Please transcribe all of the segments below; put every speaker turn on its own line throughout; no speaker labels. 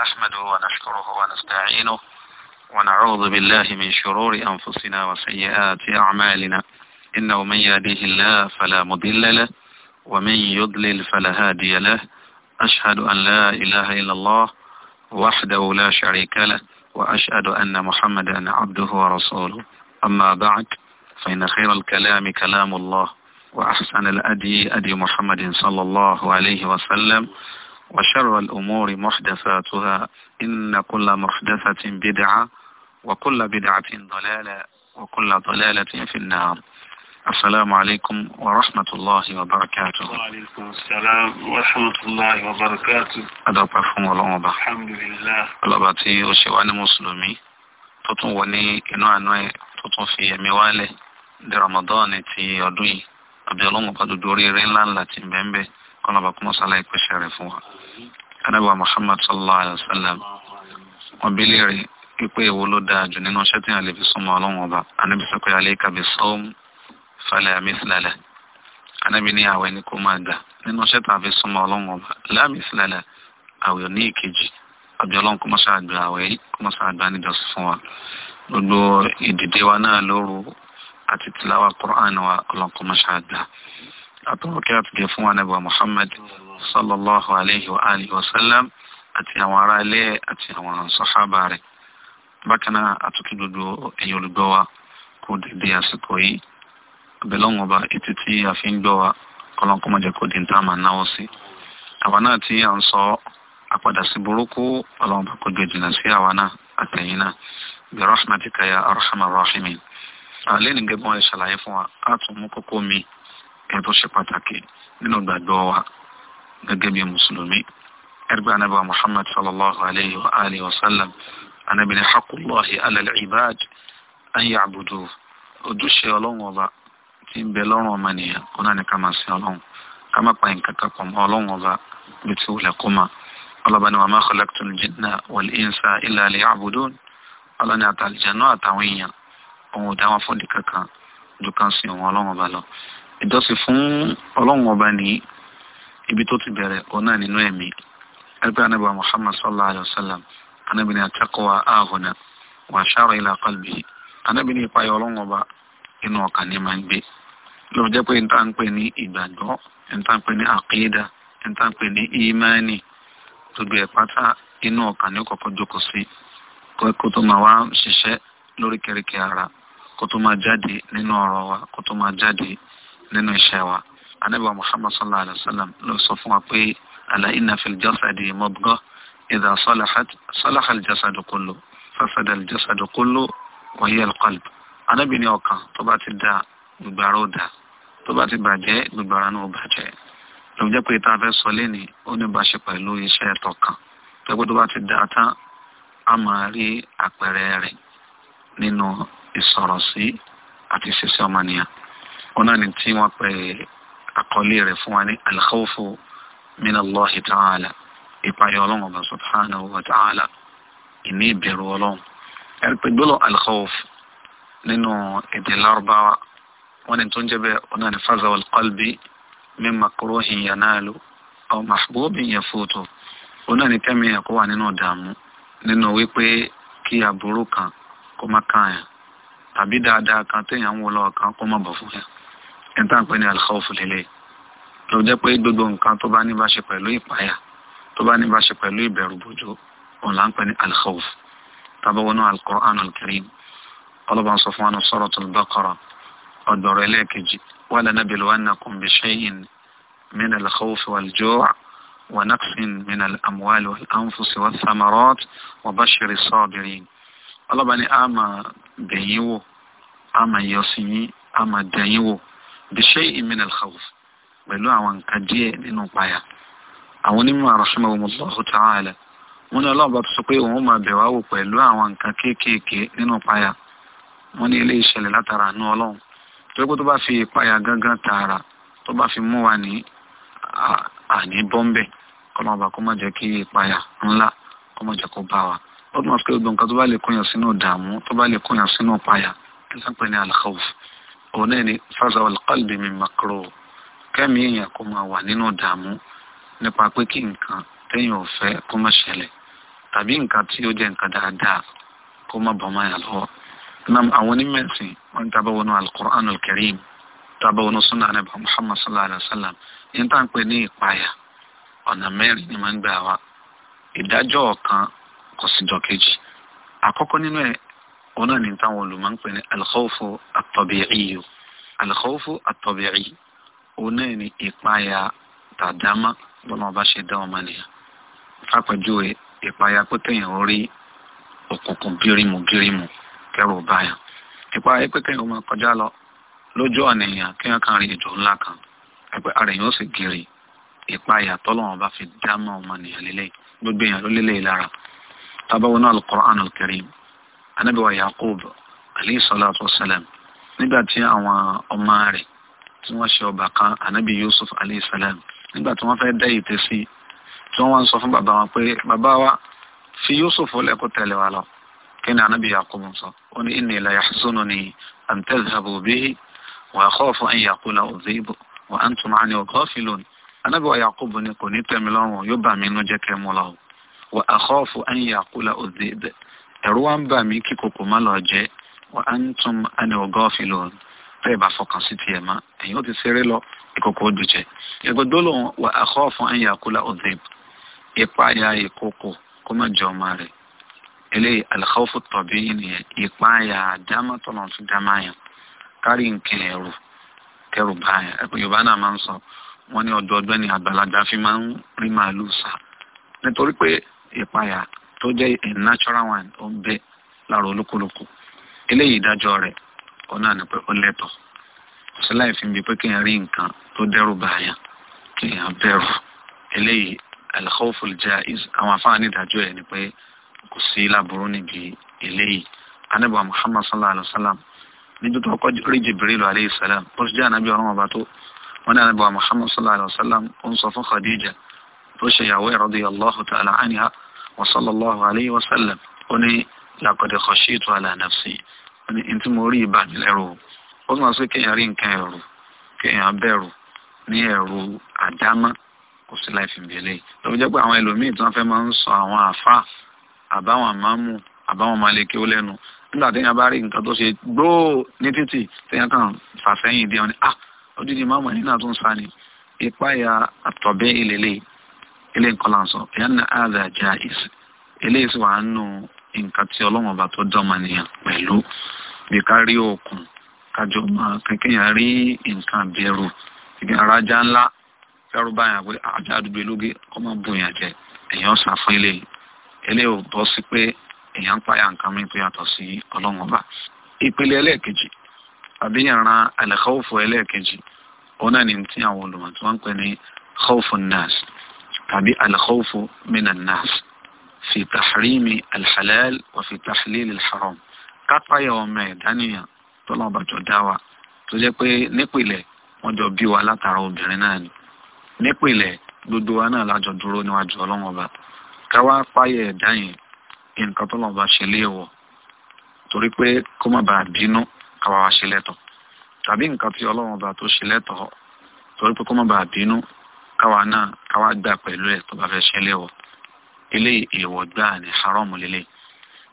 نحمده ونشكره ونستعينه ونعوذ بالله من شرور أنفسنا وسيئات أعمالنا إنه من يهديه الله فلا مضل له ومن يضلل فلا هادي له أشهد أن لا إله إلا الله وحده لا شريك له وأشهد أن محمدا عبده ورسوله أما بعد فإن خير الكلام كلام الله وأحسن الأدي أدي محمد صلى الله عليه وسلم وشر الأمور محدثاتها إن كل محدثة بدعة وكل بدعة ضلالة وكل ضلالة في النار السلام عليكم ورحمة الله وبركاته وعليكم السلام ورحمة الله وبركاته هذا برفهم الله الحمد لله الله باتي وشواني مسلمي تطن وني إنو أنوي تطن في يميوالي di ramadan ti ọdún yìí àbí ọlọ́mọba dodo oríire ńláńlá ti ń kọ́nà bá kọ́mọ́sá láìpẹ́ ṣẹ̀rẹ̀ fún wa anábà Muhammad sallallahu alayhi wa sallam wọn bí lè rí pípé èwo ló dáa jù nínú iṣẹ́ tí a lè fi súnmọ́ ọlọ́run ọba anábì sọ pé alẹ́ kàbí sọ́ọ́m falẹ̀ àmísílẹ̀lẹ̀ anábì ní àwẹ̀ ni kò máa gbà nínú iṣẹ́ tí a fi súnmọ́ ọlọ́run ọba láàmísílẹ̀lẹ̀ àwẹ̀ ní ìkejì àbí ọlọ́run kọ́mọ́sá àgbà àwẹ̀ yìí kọ́mọ́sá àgbà níjọsìn fún wa gbogbo ìdìde wa náà lóru àti tìláwà Qur'an wa ọlọ́run kọ́mọ́sá àgbà àtọ́rọ̀ kí a ti gẹ̀ fún wa nẹ́bà Muhammad sallallahu alayhi wa alihi wa sallam àti àwọn ará ilé àti àwọn sàhábà rẹ̀ bákan náà àtúntò gbogbo ẹ̀yin olùgbọ́ wa kó dédé àsìkò yìí abẹ́lọ́wọ̀n ọba ètí tí a fi ń gbọ́ wa kọ́lọ́nkọ́ mọ́jẹ́ kó di ń náwó sí àwa náà tí à ń sọ àpadà sí burúkú ọlọ́run bá kó gbèjìnà sí àwa náà àtẹ̀yìn náà bí rahmatika ya arhamar rahimin àlẹ́ nìgbẹ́gbọ́n ẹ̀ ṣàlàyé fún wa á tún mú kókó mi ẹni tó ṣe pàtàkì nínú gbàgbọ́ wa gẹ́gẹ́ bí mùsùlùmí ẹgbẹ́ anábà muhammad sallallahu alayhi wa alihi wa sallam anábì ní haqullahi alal ibad an ya'budu ojúṣe ọlọ́run ọba tí ń bẹ lọ́rùn ọmọnìyàn kó náà ní ká máa sin ọlọ́run ká má pa nǹkan kan pọ̀ mọ́ ọlọ́run ọba bí ti wulẹ̀ kó máa ọlọ́ba ni wa ma khalaqtul jinna wal insa illa liya'budun ọlọ́ni àtàlìjẹ́ náà àtàwọn èèyàn òun ò dá wọn fún ìdí kankan ju kan sin òun ọlọ́run ọba lọ ìjọsìn fún ọlọ́run ọba ní ibi tó ti bẹ̀rẹ̀ ọ̀nà nínú ẹ̀mí ẹgbẹ́ anábà muhammad sallallahu alayhi wa sallam anábì ní ataqwa ahuna wa ashara ila qalbi anábì ní ìpayọ̀ ọlọ́run ọba inú ọkàn ní máa ń gbé lọ́wọ́ jẹ́ pé n tá ń pè ní ìgbàgbọ́ n tá ń pè ní àkídà n tá ń pè ní ìmánì gbogbo ẹ̀ pátá inú ọkàn ní kọ̀kọ́ jókòó sí kó tó máa wá ṣiṣẹ́ lóríkèéríkèé ara kó tó máa jáde nínú ọ̀rọ̀ wa kó tó máa jáde nínú iṣẹ́ wa anábìwá muhammad sallallahu alayhi wa sallam ló sọ fún wa pé ala inna fil jasadi mudga idha salahat salaha al jasadu kullu fasada al jasadu kullu wa hiya al qalb anábì ní ọkàn tó bá ti da gbogbo ara ó da tó bá ti bàjẹ́ gbogbo ara náà ó bàjẹ́ lóun jẹ́ pé ìta fẹ́ sọ léni ó ní bá ṣe pẹ̀lú iṣẹ́ ẹ̀tọ́ kan pẹ́pẹ́ tó bá ti da tán a máa rí àpẹẹrẹ rẹ̀ nínú ìsọ̀rọ̀ sí àti ṣiṣẹ́ ọmọnìyàn ọ̀nà ni tí wọ́n pe àkọlé rẹ̀ fún wa ní alkhawfu min Allahi ta'ala ìpayọ̀ ọlọ́run ọba subhanahu wa ta'ala ìní ìbẹ̀rù ọlọ́run ẹ̀rí pé gbọ́dọ̀ alkhawf nínú èdè lárúbáwá wọ́n ní tó ń jẹ́ bẹ́ẹ̀ ọ̀nà ni fazaw alqalbi min makruhin yanalu aw mahbubin yafutu ọ̀nà ni kẹ́mi ẹ̀kọ́ wà nínú ìdààmú nínú wípé kí aburú kan kó má kàn yàn tàbí dáadáa kan téèyàn ń wọ kan kó má bọ̀ fún yàn ẹ̀ńtà ń pè ní alkhawfu lélẹ̀ ló jẹ́ pé gbogbo nǹkan tó bá ní bá ṣe pẹ̀lú ìpáyà tó bá ní bá ṣe pẹ̀lú ìbẹ̀rù bójú òun là ń pè ní alkhawf tábà wọnú al-Qur'an al ọlọ́ba ń sọ fún wa ní Suratul Baqara ọ̀dọ̀rọ̀ ẹlẹ́ẹ̀kejì walanabluwannakum bishay'in min al-khawfi wal-ju'i ونقص من الأموال والأنفس والثمرات وبشر الصابرين ọlọ́ba ni a máa bẹ̀yìn wò a máa dẹ̀yìn wò bishay'in min al-khawf pẹ̀lú àwọn nǹkan díẹ̀ nínú páyà àwọn onímọ̀ rahimahumullahu ta'ala wọ́n ní ọlọ́run bá tó sọ pé òun máa bẹ̀ wá wò pẹ̀lú àwọn nǹkan kéékèèké nínú páyà wọ́n ní ilé ìṣẹ̀lẹ̀ látara àánú ọlọ́run tó pé tó bá fi ìpayà gángan tààrà tó bá fi mú wa ní àní bọ́m̀bẹ̀ kọ́nà ọba kó má jẹ́ kí ìpayà ńlá kó má jẹ́ kó bá wa ó tún wá sọ pé gbogbo nǹkan tó bá lè kóyàn sínú ìdààmú tó bá lè kóyàn sínú ìpayà kí sọ́n pè ní al-khawf òun náà ni fásitì alqalbi min makro kẹ́mi èèyàn kó máa wà nínú ìdààmú nípa pé kí nǹkan téèyàn ò fẹ́ kó má ṣẹlẹ̀ tàbí nǹkan tí ó jẹ́ nǹkan dáadáa kó má bọ́ máa yà lọ́wọ́. nam àwọn onímẹ̀sìn wọn ń tábà wọnú alukur'an alkarim tábà wọnú sunna anabi muhammad sallallahu alayhi wa sallam yẹn tá à ń pè ní ìpayà ọ̀nà mẹ́rin ni máa ń gbà wá ìdájọ́ ọ̀kan kò sì jọ àkọ́kọ́ nínú ẹ̀ ọ̀nà ní táwọn olùmọ̀ ń pè ní alkhawfu at-tabi'i alkhawfu at-tabi'i ọ̀nà ní ìpayà tàdámà bọ́lá ọba ṣe dá ọmọ nìyà fàpẹ́jùwe ìpayà pé kéèyàn orí òkùnkùn bírímù bírímù kẹrù báyà ìpayà pé kéèyàn máa kọjá lọ lójú ọ̀nìyàn kéèyàn kan rí ìjọ ńlá kan ẹgbẹ́ ara èèyàn ó sì gèrè ìpayà tọ́lọ́wọ́n bá fi dámọ̀ ọmọ nìyà lélẹ̀ gbogbo èèyàn ló lélẹ̀ lára tábàwọn náà al-Qur'an al-Karim ànábì wa Yakub alayhi salatu wa salam nígbà tí àwọn ọmọ rẹ̀ tí wọ́n ṣe ọbàkan ànábì Yusuf alayhi salam nígbà tí wọ́n fẹ́ dá ète sí tí wọ́n wá ń sọ fún bàbá wọn pé bàbá wa fi Yusuf lẹ́kọ̀ọ́ tẹ̀lé wa lọ kí ni ànábì Yakub sọ ó ní inni la yahzununi an tadhhabu bihi wa akhafu an yaqula udhibu wa antum anhu ghafilun ànábì wa Yakub ni kò ní tẹ̀mí lọ́rùn yóò bà mí inú jẹ́ kẹ́ mú lọ wa akhafu an yaqula udhibu ẹ̀rù wa ń bà mí kí kòkò má lọ jẹ́ wa antum ani ọgọ́ọ̀fì lòun bẹ́ẹ̀ bá fọkàn sí tiẹ̀ mọ́ ẹ̀yin ó ti ṣeré lọ ìkòkò ó dùjẹ́ ẹ̀gbọ́dọ́ lòun wà àkọ́ fún ẹ̀yà kúlà ọ̀dẹ́b ìpáyà ìkòkò kó má jẹ ọmọ rẹ̀ eléyìí alikawfu tọ̀bí nìyẹn ìpáyà dámà tọ̀nà tó dámà yẹn kárí nǹkan ẹ̀rù kẹrù báyà yorùbá náà máa ń sọ wọn ní ọdọọdún ni àgbàlagbà fi máa ń rí màálù sá nítorí pé ìpáyà tó jẹ́ a natural one ó ń bẹ lára olúkúlùkù eléyìí ìdájọ́ rẹ̀ òun náà ni pé ó lẹ́tọ̀ sí láì fi bí pé kéèyàn rí nǹkan tó dẹ́rù báyà kéèyàn bẹ̀rù eléyìí al-khawful jaiz àwọn afáàní ìdájọ́ ẹ̀ ni pé kò sí láburú níbi eléyìí anábọ̀ muhammad sallallahu alayhi wa sallam níbi tó kọ́ rí jibril alayhi Sallam. ó sì jẹ́ anábì ọ̀rọ̀ ọba tó wọn ní anábọ̀ muhammad sallallahu alayhi wa sallam ó ń sọ fún khadija tó ṣe ìyàwó radiyallahu ta'ala anha wasallallahu alayhi wa sallam ó ní laqad khashitu ala nafsi ó ní ntí mo rí ìbàmí lẹ́rù ó tún wá sí kéèyàn rí nǹkan ẹ̀rù kéèyàn bẹ̀rù ní ẹ̀rù àdámọ́ kò sí láì fi bèlè lọ́wọ́ jẹ́ pé àwọn ẹlòmíì tí wọ́n fẹ́ máa ń sọ àwọn àfa àbáwọn àmámù àbáwọn malèké ó lẹ́nu nígbà téèyàn bá rí nǹkan tó ṣe gbóò ní títì téèyàn kàn fàfẹ́yìn dé wọn ah odidi máàmù ẹni náà tún sá ni ìpáyà àtọ̀bẹ́ ìlélẹ́yìí ilé ìkọlá sọ ìyá ní àdá jaiz eléyìí sì wà nù nǹkan tí ọlọ́wọ́n bá tó dán ọmọnìyàn pẹ̀lú bí ká rí òkun kájọ máa kékéyàn rí nǹkan bẹ̀rù ibi arájá ńlá fẹ́rù báyà pé àjá ah, àdúgbò lóge ọmọ bùnyàn jẹ èèyàn sà fún eléyìí eléyìí ò bọ́ sí pé èèyàn ń pààyà nǹkan mi tó yàtọ̀ sí ọlọ́wọ́n ọba ìpele ẹlẹ́ẹ̀kejì àbí yàrá al-khawfu ẹlẹ́ẹ̀kejì òun ni ti àwọn olùmọ̀ tí wọ́n ń pè ní khawfu an tàbí alkhawfu minan nas fi tahrimi alhalal wa fi tahlil alharam kápáyà ọmọ ẹ̀dánìyàn tó lọ́n bàjọ́ dá wa tó jẹ́ pé nípìnlẹ̀ wọ́n jọ bí wa látara obìnrin náà ni nípìnlẹ̀ gbogbo wa náà lájọ dúró níwájú ọlọ́wọ́n ọba káwá páyà ẹ̀dá yẹn nǹkan tó lọ́n bá ṣe léèwọ̀ torí pé kó má bàa bínú káwá wa ṣe lẹ́tọ̀ tàbí nǹkan tí ọlọ́wọ́n ọba tó ṣe lẹ́tọ̀ torí pé kó má bàa bínú káwa náà káwa gbà pẹ̀lú ẹ̀ tó bá fẹ́ ṣẹlẹ̀ wọ̀ eléyìí èèwọ̀ gbáà ní haram lélẹ̀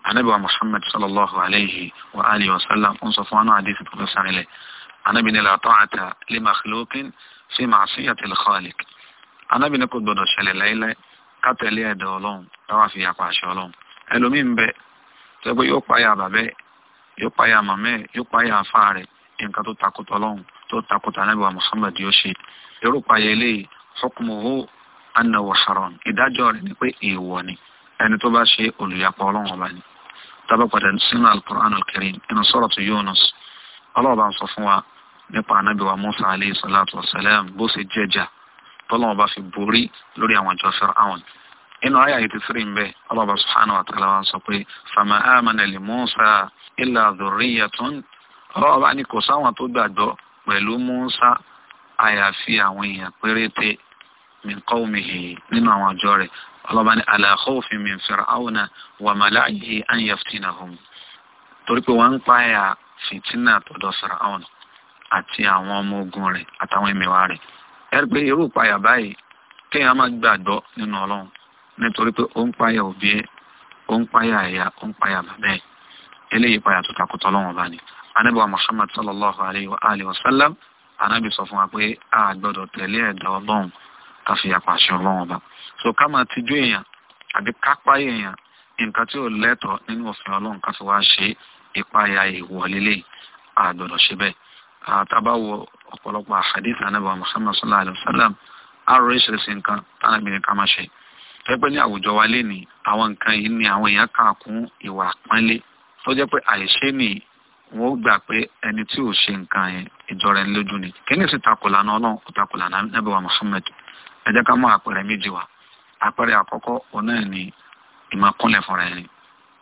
anabi wa muhammad sallallahu alayhi wa alihi wa sallam ń sọ fún wa náà àdéhùn tó fẹ́ sàrẹ̀lẹ̀ anabi ní la ta'ata li makhluqin fi ma'siyatil khaliq anabi ní kò gbọdọ̀ ṣẹlẹ̀ láíláí ká tẹ̀lé ẹ̀dọ̀ ọlọ́run káwa fi yapa àṣẹ ọlọ́run ẹlòmíín bẹ tó yẹ yóò páyà bàbẹ́ yóò páyà màmẹ́ yóò páyà afá rẹ̀ nǹkan tó takùtọ̀ ọlọ́run tó takùtọ̀ anabi wa muhammad yóò ṣe erúpayẹ eléyìí hukmuhu annahu haram ìdájọ́ rẹ̀ ni pé èèwọ̀ ni ẹni tó bá ṣe olùyapọ̀ ọlọ́run ọba ni tábà padà sínú al-Qur'an al-Karim inú suratu Yunus ọlọ́run bá ń sọ fún wa nípa anábì wa Musa alayhi salatu wa salam bó ṣe jẹjà tọ́lọ́run bá fi borí lórí àwọn ìjọ Fir'aun inú ayé àyè títí rí ń bẹ ọlọ́ba subhanahu wa ta'ala wa sọ pé fama amana li Musa illa dhurriyyatun ọlọ́ba ni kò sáwọn tó gbàgbọ́ pẹ̀lú Musa àyàfi àwọn èèyàn péréte من قومه nínú àwọn àjọ rẹ̀ ọlọ́ba ní ala khawfin min fir'auna wa mala'ihi an yaftinahum torí pé wọ́n ń páyà fìtínà tọ̀dọ̀ fir'aun àti àwọn ọmọ ogun rẹ̀ àtàwọn ẹ̀mẹ̀wá rẹ̀ ẹ̀rí pé irú ìpáyà báyìí kéèyàn máa gbàgbọ́ nínú ọlọ́run nítorí pé ó ń páyà òbí ẹ̀ ó ń páyà ẹ̀yà ó ń páyà bàbá ẹ̀ eléyìí páyà tó takùtọ̀ ọlọ́run ọba ká fi yapa ọlọ́run ọba so ká máa tijú èèyàn àbí kápá èèyàn nǹkan tí ò lẹ́tọ̀ọ́ nínú òfin ọlọ́run ká fi wá ṣe ìpayà ìwọ̀lélẹ̀ àgbọ̀dọ̀ ṣe bẹ́ẹ̀ àtàbáwọ ọ̀pọ̀lọpọ̀ àhàdíìsì anábà Muhammad sallallahu alayhi wa sallam àrò oríṣiríṣi nǹkan táwọn ìbìnrin ká máa ṣe pẹ́pẹ́ ní àwùjọ wa lé ní àwọn nǹkan yìí ni àwọn èèyàn kà kún ìwà àpọ́nlé tó jẹ́ pé àìṣe ni wọ́n gbà pé ẹni tí ò ṣe nǹkan yẹn ìjọra ẹni lójú ni kíni sì takò lánàá ọlọ́run kò takò lánàá nàbẹ̀wá Muhammad ẹ jẹ́ ká mú àpẹẹrẹ méjì wá àpẹẹrẹ àkọ́kọ́ ọ̀nà ẹ̀ ni ìmọ̀ kúnlẹ̀ fúnra ẹni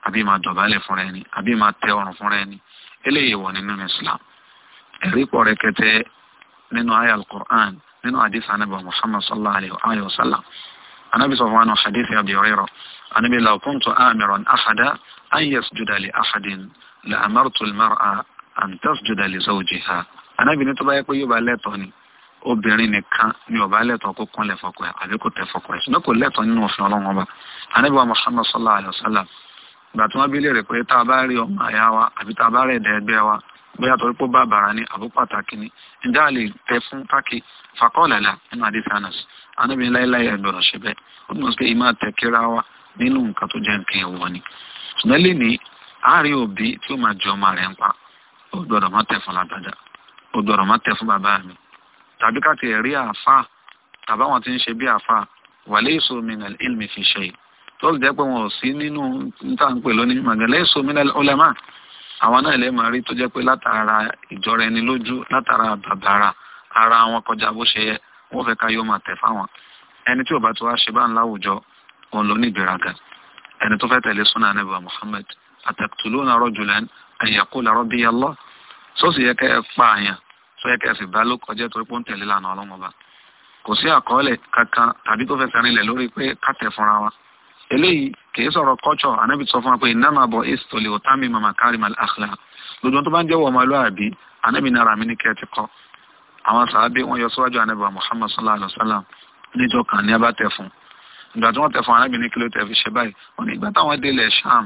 àbí ìmọ̀ dọ̀bálẹ̀ fúnra ẹni àbí ìmọ̀ tẹ ọrùn fúnra ẹni eléyìí wọ̀ nínú Islam ẹ̀rí pọ̀ rẹ̀kẹ̀tẹ̀ nínú ayé al-Qur'an nínú hadith anabi Muhammad sallallahu alayhi wa sallam anabi sọ fún wa nù hadith Abi Hurairah anabi law kuntu amiran ahada an yasjuda li ahadin la amartu al-mar'a an tasjuda li zawjiha pé yóò bá lẹ́tọ̀ọ́ ni obìnrin nìkan ni ọba lẹ́tọ̀ọ́ kó kúnlẹ̀ fọ́kọ ẹ̀ àbí kò tẹ̀ fọ́kọ ẹ̀ ṣùgbọ́n kò lẹ́tọ̀ọ́ nínú òfin ọlọ́run ọba ànábì muhammad sallallahu alayhi wa sallam ìgbà tí wọ́n bí léèrè pé tá a bá rí ọmọ àyà wa àbí tá a bá rí ẹ̀dá ẹgbẹ́ wa bóyá torí pé bàbàrà ni àbó pàtàkì ni ǹjẹ́ a lè tẹ fún pákí fakọ́ọ̀lẹ́lá nínú àdìsí anas ànábì láéláé ẹ̀gbọ́dọ̀ ṣe bẹ́ẹ̀ ó túmọ̀ pé ìmọ̀ tẹ kíra wa nínú nǹkan tó jẹ́ nǹkan ẹ̀wọ̀ ni ṣùgbọ́n gbọ́dọ̀ má tẹ fún lágbájá mi tàbí káti ẹ̀rí àáfà tàbáwọn tí ń ṣe bí àáfà walaysu minal ilmi fi shay tó sì jẹ́ pé wọn ò sí nínú níta ń pè lónìí màgà laysu minal ulama àwọn náà lè máa rí tó jẹ́ pé látara ìjọra ẹni lójú látara bàbàrà ara wọn kọjá bó ṣe yẹ wọ́n fẹ́ ká yóò máa tẹ̀ fáwọn ẹni tí ò bá ti wá ṣe bá ń láwùjọ òun ló ní ìgbéraga ẹni tó fẹ́ tẹ̀lé súnà níbà Muhammad ataqtuluna rajulan an yaqula rabbiya Allah sọ́ọ̀sì yẹ kẹ́ ẹ pa àyàn tó yẹ kẹsì bá ló kọjá torí pé ó ń tẹ̀lé lànà ọlọ́run ọba kò sí àkọọ́lẹ̀ kankan tàbí tó fẹ́ sẹ́rinlẹ̀ lórí pé kàtẹ́ fúnra wa eléyìí kìí sọ̀rọ̀ kọ́tsọ̀ anábì sọ fún wa pé ìnáma bọ̀ ìsítọ̀lẹ̀ òtámi mama kárìm àlàkìlá lójú tó bá ń jẹ́wọ́ ọmọlúwàbí anábì nára mi ní kẹ́ẹ̀tì kọ́ àwọn sàábé wọn yọ síwájú anábì wa muhammad sallallahu alayhi wa sallam níjọ kan ní abá tẹ̀ fún ìgbà tí wọ́n tẹ̀ fún anábì ní kíló tẹ̀ fi ṣe báyìí wọn ní ìgbà táwọn délẹ̀ sham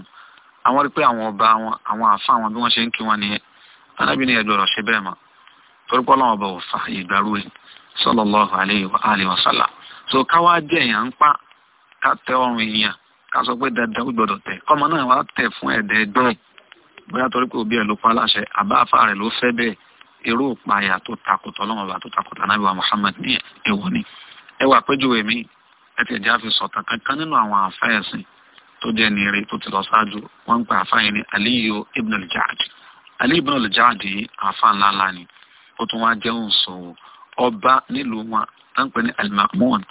àwọn rí pé àwọn ọba àwọn àfa àwọn bí wọ́n ṣe ń kí wọn nìyẹn anábì ní ẹ̀dùn ṣe bẹ́ẹ̀ mọ́ torí pọ́ lọ́wọ́ bá òsàn ìgbàrú ẹ̀ sallallahu alaihi wa sallam so káwá jẹ́ èèyàn ń pa ká tẹ ọrùn èèyàn ká sọ pé dandan ó gbọdọ̀ tẹ̀ kọ́mọ náà wá tẹ̀ fún ẹ̀dẹ̀ ẹgbẹ́ ẹ̀ bóyá torí pé òbí ẹ̀ ló pa láṣẹ àbáfà rẹ̀ ló fẹ́ bẹ́ẹ̀ irú ìpayà tó takùtọ̀ lọ́wọ́ bá tó takùtọ̀ Ànábì wa Muhammad ní èwo ni ẹ wà péjúwe mi ẹ ti ẹ̀jẹ̀ àfi sọ̀tàn kankan nínú àwọn àfáyẹ̀sìn tó jẹ́ nìire tó ti lọ ṣáájú wọ́n ń pè àfáyẹ̀ ní Aliyu ibn al-Ja'd Aliyu ibn al-Ja'd yìí àfa ńláńlá ni ó tún wá jẹ́ òǹṣòwò ọba nílùú wọn táǹpẹ́ ní alimakmon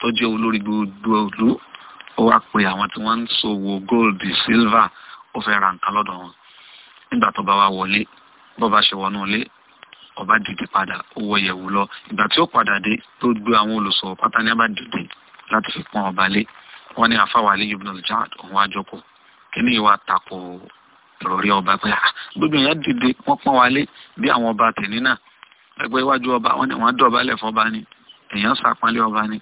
tó jẹ́ olórí gbogbo ìlú ó wá pe àwọn tí wọ́n ń ṣòwò gold silver ó fẹ́ ra nǹkan lọ́dọ̀ wọn nígbà tó bá wá wọlé bó bá ṣe wọnú ilé ọba dìde padà ó wọ yẹ̀wù lọ ìgbà tí ó padà dé tó gbé àwọn olùṣòwò pátá ní abá láti fi pọ́n ọba lé wọ́n ní àfáwálé ibùdó jad òun àjọkọ kí ni ìwà tako lọ́ọ́ rí ọba pé ah, gbogbo èèyàn dìde wọ́n pọ́n wálé bí àwọn ọba tèmi náà ẹgbẹ́ iwájú ọba wọn ni wọ́n dọ̀bálẹ̀ fọba ni èèyàn ṣàpọ́nlé ọba ni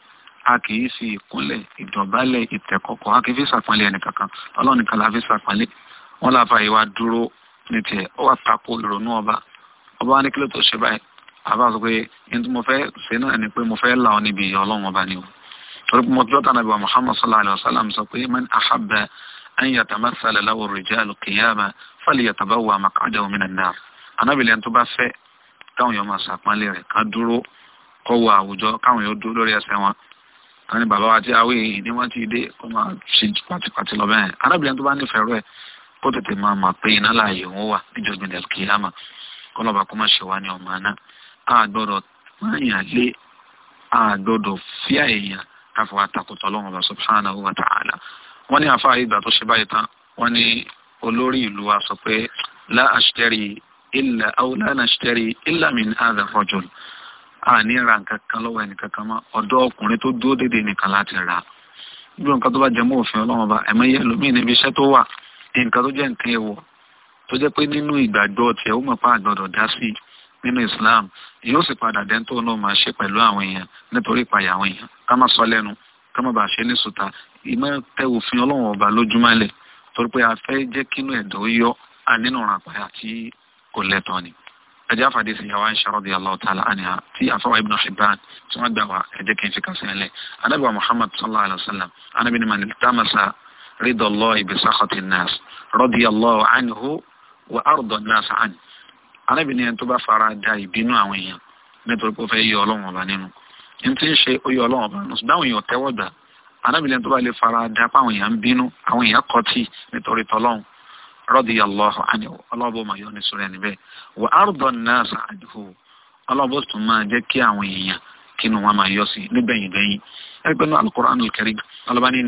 a kì í fi ìkúnlẹ̀ ìdọ̀bálẹ̀ ìtẹ̀kọ̀kọ̀ a kì í fi ṣàpọ́nlé ẹnìkankan ọlọ́run nìkan la fi ṣàpọ́nlé wọn láfa ìwà dúró ní tiẹ̀ ó wà tako ìrònú ọba ọba wa ní kí ló tó ṣe báyìí àbá sọ pé ní tí mo fẹ́ ṣe náà ni pé mo fẹ́ là ọ níbi ọlọ́run ọba ni o torí pé mo tí wọ́n tàn nàbí sallallahu alayhi wa sallam sọ pé man ahabba an yatamassala lahu ar-rijalu qiyama falyatabawwa maq'adahu minan nar anábìlẹ̀ tó bá fẹ́ káwọn yóò máa ṣàpọ́nlé rẹ̀ ká dúró kó wọ àwùjọ káwọn yóò dúró lórí ẹsẹ̀ wọn ká ní bàbá wa tí awé yìí ni wọ́n ti dé kó máa ṣe pàtìpàtì lọ bẹ́ẹ̀ anábìlẹ̀ tó bá nífẹ̀ẹ́ rẹ̀ kó tètè máa mà pé iná láàyè òun wà níjọ́gbìn del qiyama kó lọ́ba kó má ṣe wá ní ọmọ aná a gbọ́dọ̀ máyàn lé a gbọ́dọ̀ fíà èèyàn káfọ́ àtakùtọ̀ Ọlọ́run subhanahu wa ta'ala wọ́n ní àfáà ìgbà tó ṣe báyìí tán wọ́n ní olórí ìlú wa sọ pé la ashtari illa aw la nashtari illa min hadha rajul àní ra nǹkan kan lọ́wọ́ ẹnìkan kan mọ́ ọ̀dọ́ ọkùnrin tó dúró déédéé nìkan láti rà á bí nǹkan tó bá jẹ mọ́ òfin ọlọ́run ọba ẹ̀mọ́ yẹ lómìn níbi iṣẹ́ tó wà nǹkan tó jẹ́ nǹkan ẹ̀wọ̀ tó jẹ́ pé nínú ìgbàgbọ́ tiẹ̀ ó mọ̀ pa àgbọ̀dọ̀ dá sí nínú Islam yóò sì padà dẹ́ńtò náà máa ṣe pẹ̀lú àwọn èèyàn nítorí ìpayà àwọn èèyàn ká má sọ lẹ́nu kọ́mọ̀ bá ṣe ní sùtà ìmọ̀ tẹ òfin ọlọ́run ọba lójúmọ́lẹ̀ torí pé a fẹ́ jẹ́ kínú ẹ̀dọ́ yọ ànínú ràpàyà tí kò lẹ́tọ̀ọ́ ni. ẹjẹ́ àfàdé sì yàwá Aisha radiyallahu ta'ala anha tí àfọwà Ibn Hibban tí wọ́n gbà wá ẹ̀jẹ̀ kí n fi kàṣẹ́ lẹ̀ Ànábì wa Muhammad sallallahu alayhi wa sallam Ànábì ni man iltamasa rida Allahi bi sakhati an-nas radiyallahu anhu wa arda nas anhu Ànábì ni ẹni tó bá fara da ìbínú àwọn èèyàn nítorí pé n ti ń ṣe oyè ọlọ́run bá ṣùgbọ́n àwọn èèyàn tẹ́wọ́ gbà anábìlẹ̀ tó bá lè fara dá pa àwọn èèyàn ń bínú àwọn èèyàn kọ́ tí nítorí tọ́lọ́run radiyallahu anhu ọlọ́bọ̀ máa yọ ní sórí ẹni bẹ́ẹ̀ wà arda an-nas anhu ọlọ́bọ̀ tún máa jẹ́ kí àwọn èèyàn kínú wọn máa yọ sí nígbẹ̀yìn gbẹ̀yìn ẹgbẹ́nu al-Qur'an al-Karim ọlọ́bà ní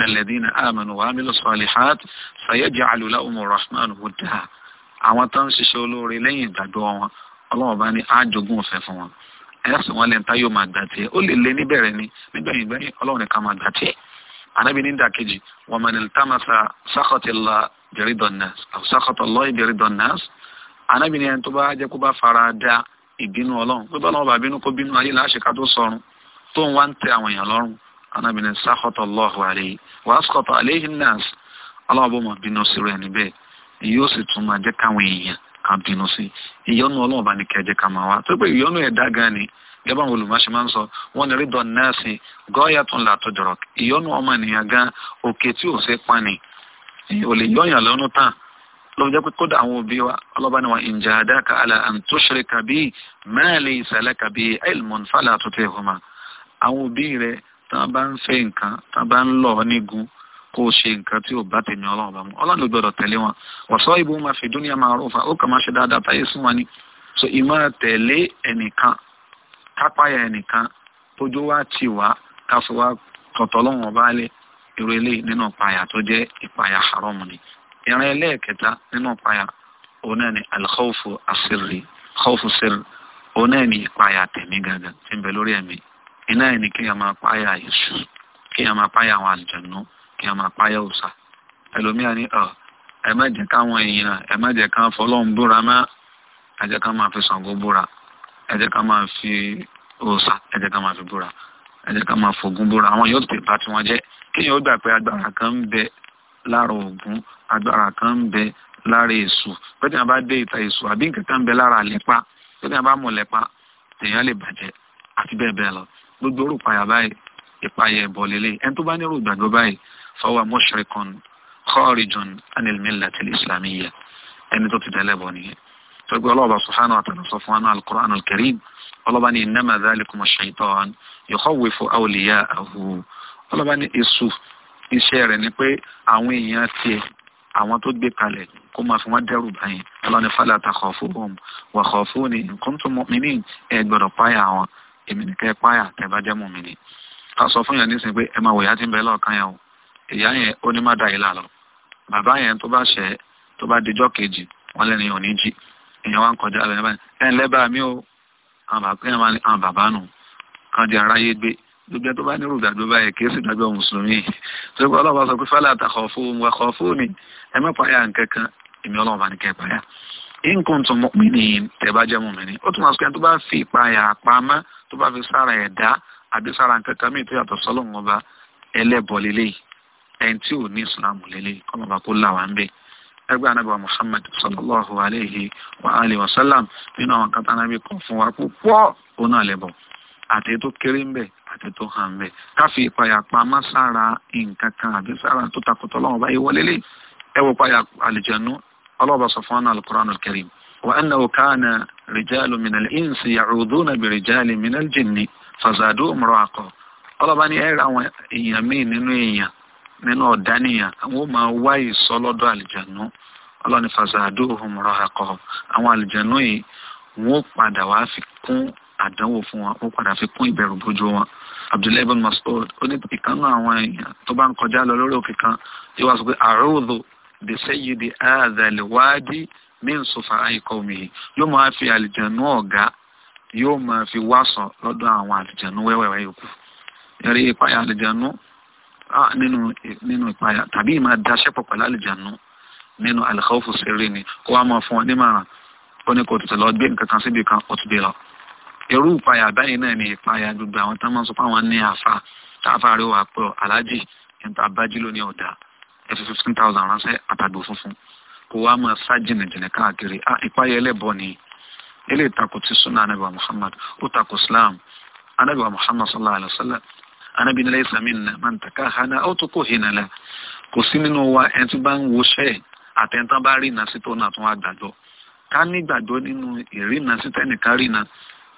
ẹ̀sùn wọn lẹ́nu tá yóò máa gbà tiẹ̀ ó lè lé níbẹ̀rẹ̀ ni nígbẹ̀yìn gbẹ̀yìn ọlọ́run nìkan máa gbà tiẹ̀ anabi ní dàkejì wọn mọ̀ ní tamasa sakotila biridonas sakotolo biridonas anabi ní ẹni tó bá jẹ́ kó bá fara da ìbínú ọlọ́run pé bọ́lá ọba bínú kó bínú ayé láṣẹ ká tó sọrun tó ń wá ń tẹ àwọn èèyàn lọ́rùn anabi ní sakotolo àlẹ́ wàá sọ̀tọ̀ àlẹ́ ká bínú sí ìyọ́nú ọlọ́run bá ní kẹjẹ ká máa wá tó pé ìyọ́nú ẹ̀dá gan ni gẹ́gẹ́ àwọn olùmọ̀ọ́sẹ̀ máa ń sọ wọ́n ní rídọ̀ nẹ́ẹ̀sì gọ́ọ̀yà tó ń là tó jọ̀rọ̀ ìyọ́nú ọmọ ènìyàn gan òkè tí ò ṣe pa ni ò lè yọ̀yàn lọ́nú tán ló jẹ́ pé kódà àwọn òbí wa ọlọ́ba ni wọn ìjà àdáka àlà àǹtóṣeré kàbí mẹ́ẹ̀lì ìsàlẹ̀ kàbí elmon fàlà àtúntẹ̀ ìhùmà kó o ṣe nǹkan tí ò bá tèmi ọlọ́run bá mu ọlọ́run gbọ́dọ̀ tẹ̀lé wọn wọ̀sọ́ ìbò máa fi dúnìá máa rò fa ó kàn máa ṣe dáadáa táyé sún wa ni so ìmọ̀ tẹ̀lé ẹnìkan kápáyà ẹnìkan tójú wá tì wá káfọ́ wá tọ̀tọ̀ lọ́wọ́n ọba lé irú eléyìí nínú ìpayà tó jẹ́ ìpayà haram ni ìran ẹlẹ́ẹ̀kẹta nínú ìpayà òun náà ni alkhawfu asirri khawfu sirri òun náà ni ìpayà tẹ̀mí kí a máa páyà òòṣà ẹlòmíà ní ọ ẹ má jẹ́ káwọn èèyàn ẹ má jẹ́ ká fọlọ́run búra má ẹ jẹ́ ká máa fi Ṣàngó búra ẹ jẹ́ ká máa fi òòṣà ẹ jẹ́ ká máa fi búra ẹ jẹ́ ká máa fògùn búra àwọn yóò tètè bá tiwọn jẹ́ kéèyàn ó gbà pé agbára kan ń bẹ lára Ògún agbára kan ń bẹ lára èṣù pẹ́ẹ́tì náà bá dé ìta èṣù àbí nǹkan kan ń bẹ lára àlẹ́pà pẹ́ẹ́tì náà bá mọ̀ lẹ́pà tèèyàn lè bàjẹ́ àti bẹ́ẹ̀ bẹ́ẹ̀ lọ gbogbo orúkọ àyà báyìí ìpayà ẹ̀bọ̀ lélẹ̀ ẹni tó bá nírú ìgbàgbọ́ báyìí fọwọ́ mushrikun kharijun anil millati islamiyya ẹni tó ti dẹ́lẹ́bọ̀ nìyẹn tọ́gbé ọlọ́ọ̀bà subhanahu wa ta'ala sọ fún wa náà al-Qur'an al-Karim ọlọ́ba ní innama dhalikum ash-shaytan yukhawwifu awliya'ahu ọlọ́ba ní èṣù iṣẹ́ rẹ̀ ni pé àwọn èèyàn tiẹ̀ àwọn tó gbé kalẹ̀ kó máa fi wọ́n dẹ́rù báyìí ọlọ́ni fala takhafuhum wa khafuni in kuntum mu'minin ẹ gbọ́dọ̀ páyà wọn èmi nìkẹ́ páyà tẹ́ bá jẹ́ mu'minin ká sọ fún yàn nísìnyí pé ẹ máa wòyá tí ń bẹ lọ́ọ̀kan yẹn o ìyá yẹn ó ní má da ìlà lọ bàbá yẹn tó bá ṣẹ tó bá dijọ́ kejì wọ́n lẹ́nu yàn ní jí èèyàn wá ń kọjá lẹ́nu báyìí ẹ̀ ń lẹ́bàá mi ò àwọn bàbá nù kan di aráyé gbé gbogbo tó bá nírú ìdájọ́ báyìí kì í sì dájọ́ mùsùlùmí tó gbọ́ ọlọ́wọ́ sọ pé fálà àtàkọ̀ fún wa kọ̀ fún mi ẹ má pààyà nkankan èmi ọlọ́wọ́ bá kẹ́ pààyà nǹkan tó mọ̀ ni tẹ̀ bá jẹ́ mọ̀ mí ni ó tún wá sọ pé tó bá fi ìpayà pamọ́ tó bá fi sára ẹ̀dá àbí sára nkankan míì tó yàtọ̀ sọ́lọ́ wọn bá ẹlẹ́bọ̀ lélẹ́yìí ẹni tí ò ní ìsìlámù lélẹ̀ kọ́mọ̀ bá kó làwọn ń bẹ̀. ẹgbẹ́ anábọ̀ Muhammad sallallahu alayhi wa alayhi wa sallam nínú àwọn kan tánà bí kọ̀ fún wa púpọ̀ òun náà lẹ́bọ̀ àti tó kéré ń bẹ̀ àti tó hàn ń bẹ̀ káfí ìpayà pamọ́ sára nǹkan kan àbí sára tó takùtọ̀ lọ́wọ́ báyìí wọlé lé ẹwọ́ payà àlìjẹ̀nu ọlọ́ọ̀bà sọ fún ọ́nà al-Qur'an al-Karim وأنه كان رجال من الإنس يعوذون برجال من الجن فزادوهم رهقا ọlọ́ba ní ẹ̀rọ àwọn èèyàn míì nínú èèyàn nínú ọ̀dánìyàn àwọn ò máa wá ìsọ lọ́dọ̀ àlìjànú ọlọ́ni fasahadu ohun rọ akọ àwọn àlìjànú yìí wọn ò padà wá fi kún àdánwò fún wọn wọn padà fi kún ìbẹ̀rù bójú wọn abdullahi bin masoud ó ní ìkànnà àwọn èèyàn tó bá ń kọjá lọ lórí òkè kan yóò wá sọ pé àrùdù bi sayyidi àdàlẹ̀ wáàdì min sufara ikọmihi yóò máa fi àlìjànú ọ̀gá yóò máa fi wá sọ lọ́dọ̀ àwọn àlìjànú wẹ́wẹ́wẹ́ yòókù Ah, nínú nínú ìpayà tàbí ìmọ̀ daṣẹ́ pọ̀ pẹ̀lú àlìjànú nínú àlìkọ́fù sẹ́rí ni kó wá máa fún ọ nímọ̀ràn ó ní kó tètè lọ gbé nǹkan kan síbi kan ó ti dé lọ. irú ìpayà báyìí náà ni ìpayà gbogbo àwọn tó máa ń sọ pé àwọn ní àfa táàfà rí wà pé aláàjì níta abájú ló ní ọ̀dà ẹ fifteen thousand ránṣẹ́ àtàgbò funfun kó wá máa sá jìnnìjìnnì káàkiri ah, ìpayà ẹlẹ́bọ ni eléyìí takò ti sunnah Muhammad ó takò Islam anábìwá Muhammad sallallahu alayhi wa anábìnrin lẹ́yìn sàmì nà máa ń takà hànà ó tó kò hìnà la kò sí nínú wa ẹni tí bá ń woṣẹ́ àtẹ̀ntàn bá rí iná sí tó náà tún wá gbàgbọ́ ká nígbàgbọ́ nínú ìrìnà sí tẹ́nìkan rí iná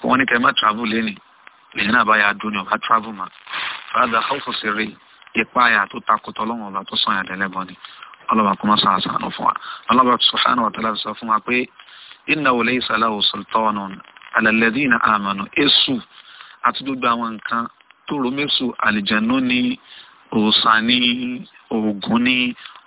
kí wọ́n ní kẹ́ má travel lẹ́nìí lẹ́yìn náà báyà dún ní ọ̀bá travel ma fàdà haufu sí rí ipa àyà tó takùtọ̀ lọ́wọ́ ọ̀bá tó sàn àdẹ́lẹ́bọ̀ ni ọlọ́ba kó má sàn fún wa ọlọ́ba sọ àti gbogbo àwọn nǹkan tóró mẹ́sù àlìjẹ̀nú ni òòṣà ni oògùn ni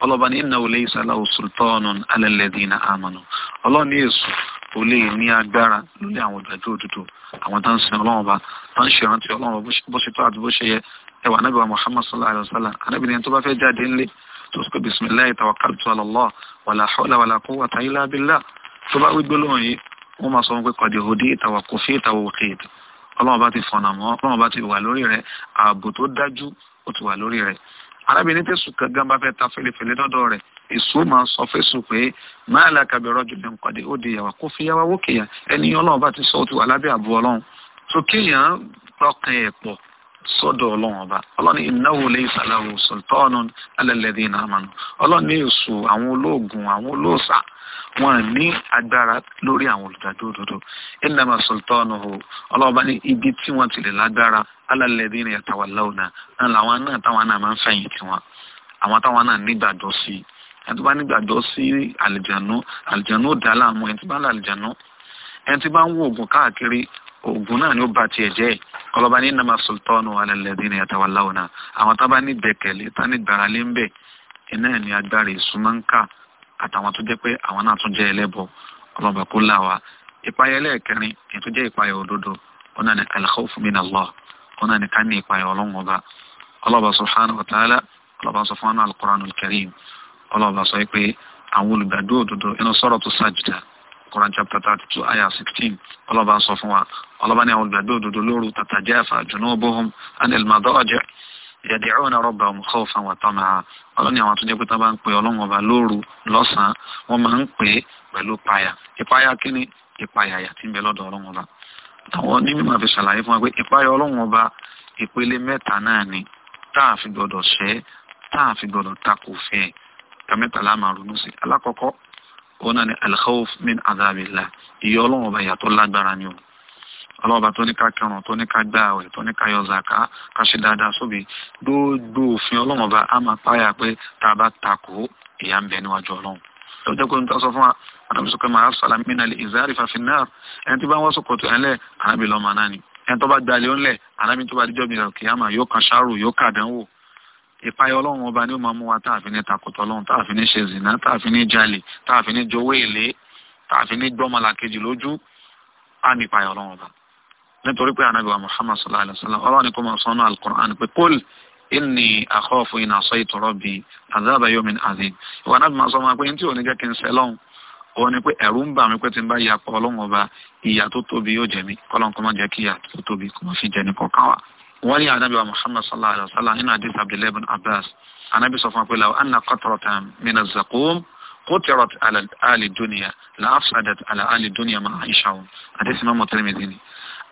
ọlọ́ba ní innahu laysa lahu sultanun ala alladhina amanu ọlọ́run ní èṣù kò lè ní agbára lórí àwọn ìgbàjọ́ òdodo àwọn tó ń sin ọlọ́run ọba tó ń ṣèrántí ọlọ́run bó ṣe tó àti bó ṣe yẹ ẹwà anábì wa muhammad sallallahu alayhi wa sallam anábì ni tó bá fẹ́ jáde ńlé tó sọ pé bisimilayi tawakkaltu ala wàlà hawla wàlà quwwata illa billah tó bá wí gbólóhùn yìí wọ́n máa sọ wọn pé kọ̀dé òde ìtawà kò ọlọ́run bá ti fọ̀nà mọ́ ọlọ́run bá ti wà lórí rẹ̀ ààbò tó dájú ó ti wà lórí rẹ̀ arábìnrin tẹ̀sùn gangan bá fẹ́ ta fèlèfèlè lọ́dọ̀ rẹ̀ èso máa sọ fẹ́sùn pé máa là kàbẹ̀rọ̀ jù ní nǹkan dé ó di ìyàwó kó fi yàwó wókè yà ẹni ọlọ́run bá ti sọ ó ti wà lábẹ́ ààbò ọlọ́run tó kéèyàn lọ́kàn ẹ̀ pọ̀ sọ́dọ̀ ọlọ́run ọba ọlọ́run innahu laysa lahu sultanun ala ọlọ́run ní èso àwọn olóògùn àwọn olóòsà wọn à ní agbára lórí àwọn olùdájọ́ òdodo innama sultanuhu ọlọ́ọ̀bá ní ibi tí wọ́n ti lè lágbára ala alladhina yatawallawna náà làwọn náà táwọn náà máa ń fẹ̀yìn tì wọ́n àwọn táwọn náà nígbàjọ́ sí i ẹni tó bá nígbàjọ́ sí àlìjànú àlìjànú ò dá láàmú ẹni tó bá ń làlìjànú ẹni tó bá ń wo oògùn káàkiri oògùn náà ni ó ba tiẹ̀ jẹ́ ọlọ́ba ní innama sultanuhu ala alladhina yatawallawna àwọn tá ní bẹ̀kẹ̀lé tá ní gbàrà lé ń bẹ̀ ẹ̀ náà ni agbára ìsúnmọ́ ń kà àtàwọn tó jẹ́ pé àwọn náà tún jẹ́ ẹlẹ́bọ ọlọ́ba kó là wá ìpayà ẹlẹ́ẹ̀kẹrin èyí tó jẹ́ ìpayà òdodo ọ̀nà ni al-khawfu min Allah ọ̀nà ni ká ní ìpayà ọlọ́run ọba ọlọ́ba subhanahu wa ta'ala ọlọ́ba sọ fún al-Qur'an al ọlọ́ba sọ pé àwọn olùgbàdo òdodo inú suratu Sajda Quran chapter thirty two ayah sixteen ọlọ́ba sọ fún wa ọlọ́ba ní àwọn olùgbàdo òdodo lóru tatajafa junubuhum anil madaji' yad'una rabbahum khawfan wa tama'a ọlọ́ni àwọn àtúndé pé tá bá ń pè ọlọ́run ọba lóru lọ́sàn-án wọ́n máa ń pè é pẹ̀lú ìpayà ìpayà kíni ìpayà àyà tí ń bẹ lọ́dọ̀ ọlọ́run ọba àwọn onímọ̀ àfi ṣàlàyé fún wa pé ìpayà ọlọ́run ọba ìpele mẹ́ta náà ni tá a fi gbọdọ̀ ṣẹ́ tá a fi gbọdọ̀ takò fẹ́ ẹ̀ ká mẹ́ta la ronú sí alákọ̀ọ́kọ́ òun ọlọ́ọ̀bá tó ní ká kírun tó ní ká gbá àwẹ̀ tó ní ká yọ zàká ká ṣe dáadáa sóbì gbogbo òfin ọlọ́mọba á máa páyà pé tá a bá takò ìyà ń bẹ níwájú ọlọ́run lọ́jọ́ pé n ta sọ fún wa adam sọ pé màá sàlám mí nàlẹ́ ìzárí fàfin náà ẹni tí bá ń wọ́n sọ̀kọ̀tọ̀ ẹ̀ ńlẹ̀ ànábì lọ́mọ náà ni ẹni tó bá gbalẹ̀ ó ńlẹ̀ ànábì tó bá díjọ́ mi rẹ̀ kìyàmà yóò kan ṣáàrù yóò kàdánwò ìpayọ ọlọ́run ọba ni ó máa mú wa táàfin ní takòtò ọlọ́run táàfin ní ṣe zìnà táàfin ní jalè táàfin ní jowó èlé táàfin ní gbọ́mọlàkejì lójú á ní ìpayọ ọlọ́run ọba nítorí pé anagba muhammad sallallahu alaihi wa sallam ọlọ́run kò máa sọ́nà alukur'an pé kúl inni akhafu in asaitu rabbi azaba yawmin azim ìwà náà máa sọ máa pé ní tí ò ní jẹ́ kí n sẹ́ lọ́hùn òun ni pé ẹ̀rù ń bà mí pé tí n bá ya pa ọlọ́run ọba ìyà tó tóbi yóò jẹ mí kọ́lọ́n kọ́ máa jẹ́ kí ìyà tó tóbi kò máa fi jẹ ní kọ̀ọ̀kan wa. wọ́n ní anagba muhammad sallallahu alaihi wa sallam nínú hadith abdullahi abbas anabi sọ fún wa pé law anna qatratan min az-zaqum قطرت على آل الدنيا لأفسدت على آل الدنيا مع عائشة حديث إمام الترمذي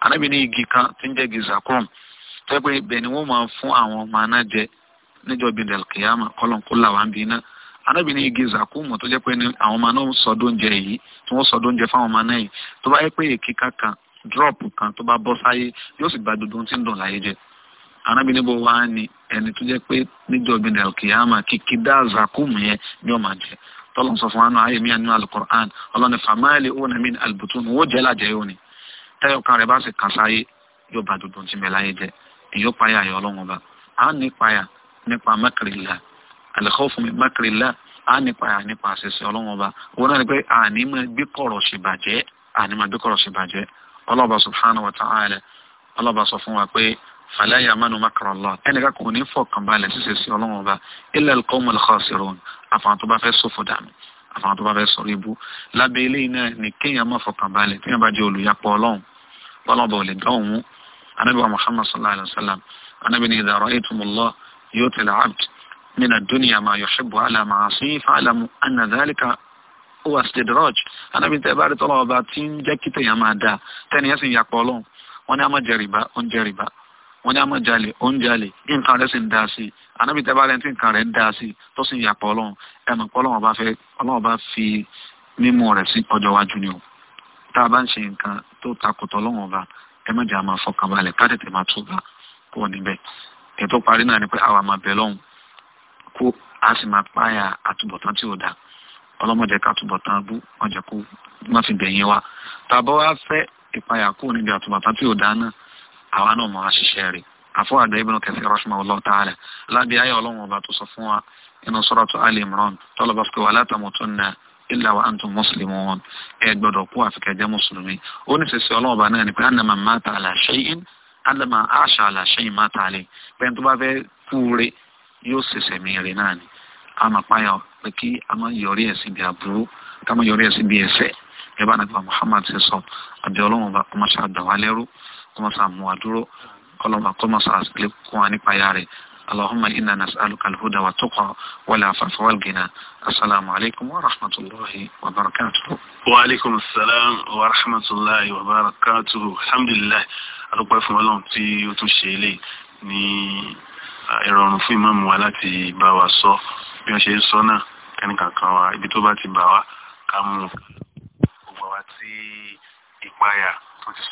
anábì ní igi kan tí ń jẹ́ igi zakum tẹ́ pé ibẹ̀ ni wọ́n máa fún àwọn ọmọ aná jẹ níjọ́ gbẹ̀dẹ̀ kìyàmà kọ́lọ́nkó làwọn bí iná anábì ní igi zakum tó jẹ́ pé àwọn ọmọ náà sọdún oúnjẹ yìí tí wọ́n sọdún oúnjẹ fáwọn ọmọ náà yìí tó bá yẹ pé èkì kankan drop kan tó bá bọ́ sáyé yóò sì gba gbogbo ohun tí ń dùn láyé jẹ anábì níbo wá ni ẹni tó jẹ́ pé níjọ́ gbẹ̀dẹ̀ kìyàmà kìkì dá zakum yẹn ni ó máa jẹ tọ́lọ́ sọ fún wa náà ayé mi àná alukur'an ọlọ́ni famali ó na mi albutun wọ́n jẹ́ yóò ni tẹ́yọ̀ kan rẹ̀ bá sì kàn sáyé yóò bá gbogbo ti mẹ́láyé jẹ èyí ó payà ayọ̀ ọlọ́run ọba a ní payà nípa mẹ́kìrìlá al-khawfu min mẹ́kìrìlá a ní payà nípa àṣẹṣe ọlọ́run ọba wọn náà ni pé àní máa gbé kọ̀rọ̀ ṣèbàjẹ́ àní máa gbé kọ̀rọ̀ ṣèbàjẹ́ ọlọ́ba subhanahu wa ta'ala ọlọ́ba sọ fún wa pé fala yamanu makra Allah ẹnìkan kò ní fọkànbalẹ̀ ṣíṣe sí ọlọ́run ọba illa al-qawmu al tó bá fẹ́ sọ̀rọ̀ ibú lábẹ́ eléyìí náà ni kéèyàn má fọkànbalẹ̀ kéèyàn bá jẹ́ olùyapọ̀ ọlọ́run bọ́lọ́bọ̀ lè dánwò mú anábì wa muhammad sallallahu alayhi wa sallam anábì ní idha ra'aytumullah yu'ti al-'abd min ad-dunya ma yuhibbu ala ma'asihi fa'lamu anna dhalika huwa istidraj anábì tẹ́ bá rí tọ́lọ́ ọba tí ń jẹ́ kí tèèyàn máa dáa tẹ́ni yẹn sì ń yapọ̀ ọlọ́run wọ́n ní a máa jẹ rìbá ó ń jẹ rìbá wọ́n ní a máa jalè ó ń jalè bí nǹkan rẹ̀ sì ń dáa sí i anábì tẹ́ bá rẹ̀ tí nǹkan rẹ̀ ń dáa sí i tó sì ń yapọ̀ ọlọ́run ẹnu pé ọlọ́run ọba fi mímú rẹ̀ sí ọjọ́ iwájú ni o tá a bá ń ṣe nǹkan tó takùtọ̀ lọ́wọ́n ọba ẹ má jẹ́ àmà fọkàn balẹ̀ ká tètè máa tún bá kó níbẹ̀ ẹ̀ tó parí náà ni pé àwa máa bẹ̀ lọ́hùn kó a sì máa páyà àtúbọ̀tán tí ò dáa ọlọ́mọdé ká àtúbọ̀tán bú wọ́n jẹ́ kó má fi bẹ̀yìn wa tàbọ̀ wá fẹ́ ìpayà kó níbi àtúbọ̀tán tí ò dáa náà àwa náà máa ṣiṣẹ́ rẹ̀ àfọwàdà Ibn Kathir rahimahullah ta'ala lábẹ́ ayé ọlọ́run ọba tó sọ fún wa inú suratu Ali Imran tọ́lọ́ bá fi wala tamutunna illa wa antum muslimun ẹ gbọ́dọ̀ kú àfikẹ́ jẹ́ mùsùlùmí ó ní sẹ́sì ọlọ́run ọba náà ni pé anna man mata ala shay'in anna man asha ala shay'in mata alayhi pé tó bá fẹ́ kú re yóò sẹ̀sẹ̀ mi rè náà ni a máa pààyà pé kí a máa yọrí ẹ̀sìn bí aburú ká máa yọrí ẹ̀sìn bí ẹ̀ṣẹ̀ ẹ bá nàgbà Muhammad ṣe sọ àbí ọlọ́run ọba kọ́mọ́ṣá dàwálẹ́rú kọ́mọ́ṣá mú wa dúró ọba kọ́mọ́ṣá lè kún wa nípa ya اللهم إنا نسألك الهدى والتقى والعفاف والغنى السلام عليكم ورحمة الله وبركاته وعليكم السلام ورحمة الله وبركاته الحمد لله أدوكم فún Ọlọ́run tí ó tún ṣe eléyìí ní ìrọ̀rùn fún ìmáàmù wa láti bá wa sọ bí wọ́n ṣe ń sọ náà kẹ́nìkankan wa ibi tó bá ti bà wá ká mú un gbogbo wa tí ìpayà tó ti